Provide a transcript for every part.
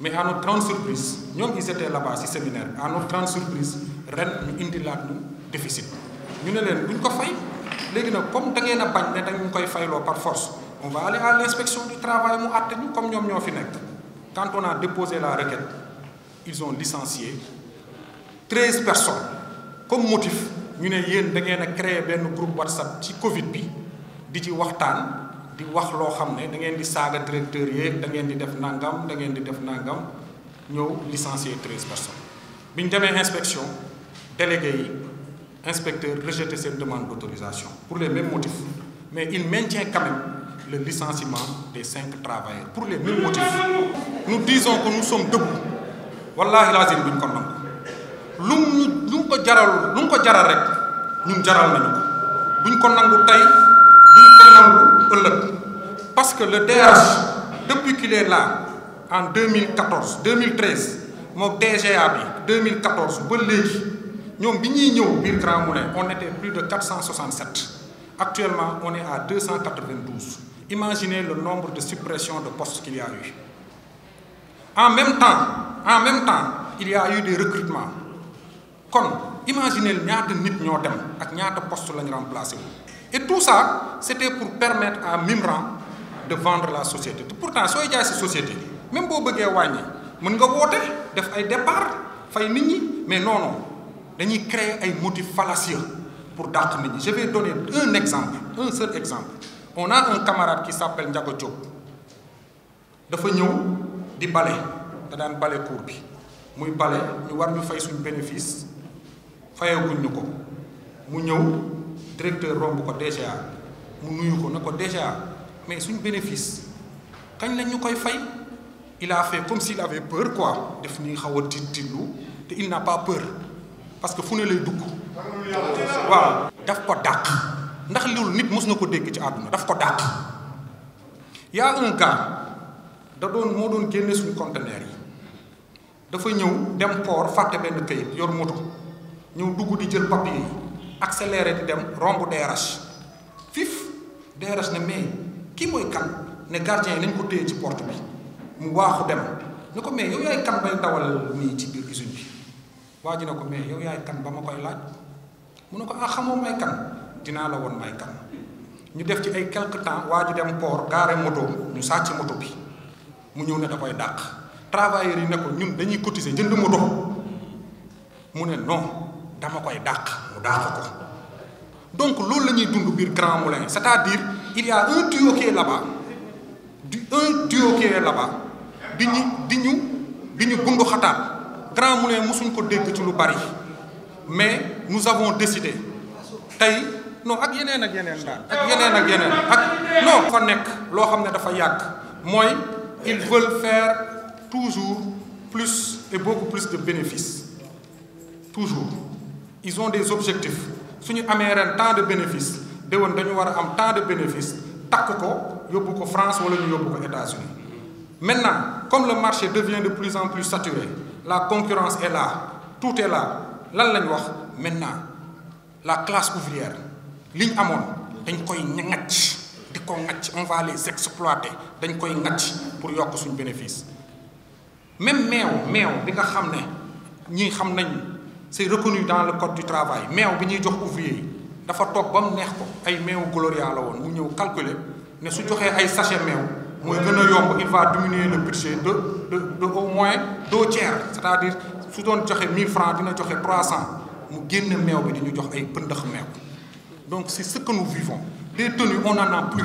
Mais à notre grande surprise, nous ils étaient là-bas, ce séminaire, à notre grande surprise, ren ñu indi laat déficit ñu ne leen pas ñu ko fay léegi nag comme da ngeen a bañ ne da ngeen koy fayloo par force on va aller à l'inspection du travail nous, àtte ñu comme nous ñoo fi quand on a déposé la requête ils ont licencié 13 personnes comme motif nous ne da créé un groupe whatsapp ci covid bi di ci waxtaan di wax lo xam da ngeen di saga directeur yeeg da ngeen di def nangam da ngeen di def nangam licencier personnes biñ démé inspection délégué yi inspecteur rejeté cette demande d'autorisation pour les mêmes motifs mais il maintient quand même le licenciement des cinq travailleurs pour les mêmes motifs nous disons que nous sommes debout wallahi lazim buñ ko nangu lu mu lu ko jaral lu ko jaral rek ñun jaral nañu ko buñ ko nangu tay que le DRH, depuis qu'il est là, en 2014 2013 mon DGAB 2014 on était plus de 467 actuellement on est à 292 imaginez le nombre de suppressions de postes qu'il y a eu en même temps en même temps il y a eu des recrutements comme imaginez le nit ñoo dem ak ont postes et tout ça c'était pour permettre à Mimran de vendre la société pourtant sooy jaay sa société même boo bëggee wàññi mën nga woote def ay départ fay nit mais non non dañuy créer un motif fallacieux pour d'autres nit je vais donner un exemple un seul exemple on a un camarade qui s'appelle Ndiago Diop dafa ñëw di bale da daan bale cour bi muy bale ñu war ñu fay suñu bénéfice fayaguñ ñu ko mu ñëw directeur rombo ko DGA mu nuyu ko ne DGA mais son bénéfice quand ñu koy il a fait comme s'il avait peur quoi def ni xaw a il n'a pas peur parce que fu ne lay dugg waaw daf ko nit na ko dégg ci àdduna daf y a un gars da doon conteneur yi dafa ñëw dem port fàtte benn kayit yor papier accéléré di dem romb DRH fif DRH na kii mooy kan ne gardien yi nañ ko téye ci porte bi mu waaxu dem ne ko mais yow yaay kan bay dawal nii ci biir usine bi waa ji ne ko mais yow yaay kan ba ma koy laaj mu ne ko ah xamoo may kan dinaa la woon may kan ñu def ci ay quelque temps waa ji dem port gaare moto ñu sàcc moto bi mu ñëw ne da koy dàq travailleurs yi ne ko ñun dañuy cotiser jënd moto mu ne non dama koy dàq mu dàq ko donc loolu lañuy ñuy dund biir Grand Moulin c'est-à-dire il y a un tuyau qui est là-bas du un tuyau qui est là-bas di ñu di ñu di Grand Moulin mosuñ ko dégg ci lu bari mais nous avons décidé tey non ak y ak yeneen daal ak yeneen ak yeneen ak non fa nekk loo xam dafa yàgg ils veulent faire toujours plus et beaucoup plus de bénéfices toujours ils ont des objectifs suñu nous ren tant de bénéfices déwén dañu war am tant de bénéfices, takk ko ko France wala ñu yóbbu ko États-Unis maintenant comme le marché devient de plus en plus saturé la concurrence est là tout est là lan lañ wax maintenant la classe ouvrière Ligne ñu amoon dañ koy on va les exploiter dañ koy ŋacc pour yokk suñ bénéfice même meew meew bi nga xam ne c'est reconnu dans le code du travail meew bi qui jox ouvrier il faut tok bam neex ko ay mew gloria la won mu ñëw calculer ne su joxé ay sachet mew moy gëna yomb il va diminuer le budget de de au moins deux tiers c'est-à-dire su doon joxé 1000 francs dina joxé 300 mu génne mew bi di ñu jox ay mew donc c'est ce que nous vivons Les tenues on n'en a plus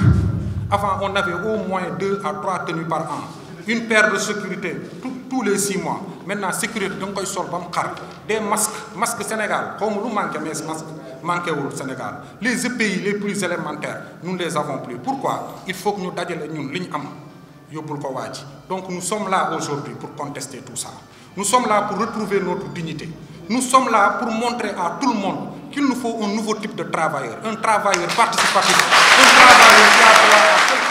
avant on avait au moins deux à trois tenues par an une paire de sécurité tous les six mois maintenant sécurité donc nga y des masques masque Sénégal Comme nous manquons mais masque Sénégal les pays les plus élémentaires nous ne les avons plus pourquoi il faut que nous dajale ñun li donc nous sommes là aujourd'hui pour contester tout ça nous sommes là pour retrouver notre dignité nous sommes là pour montrer à tout le monde qu'il nous faut un nouveau type de travailleur un travailleur participatif un travailleur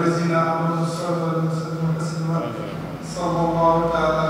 Brasil, na Salvador, Salvador, Salvador, Salvador, Salvador, Salvador, Salvador, Salvador, Salvador, Salvador,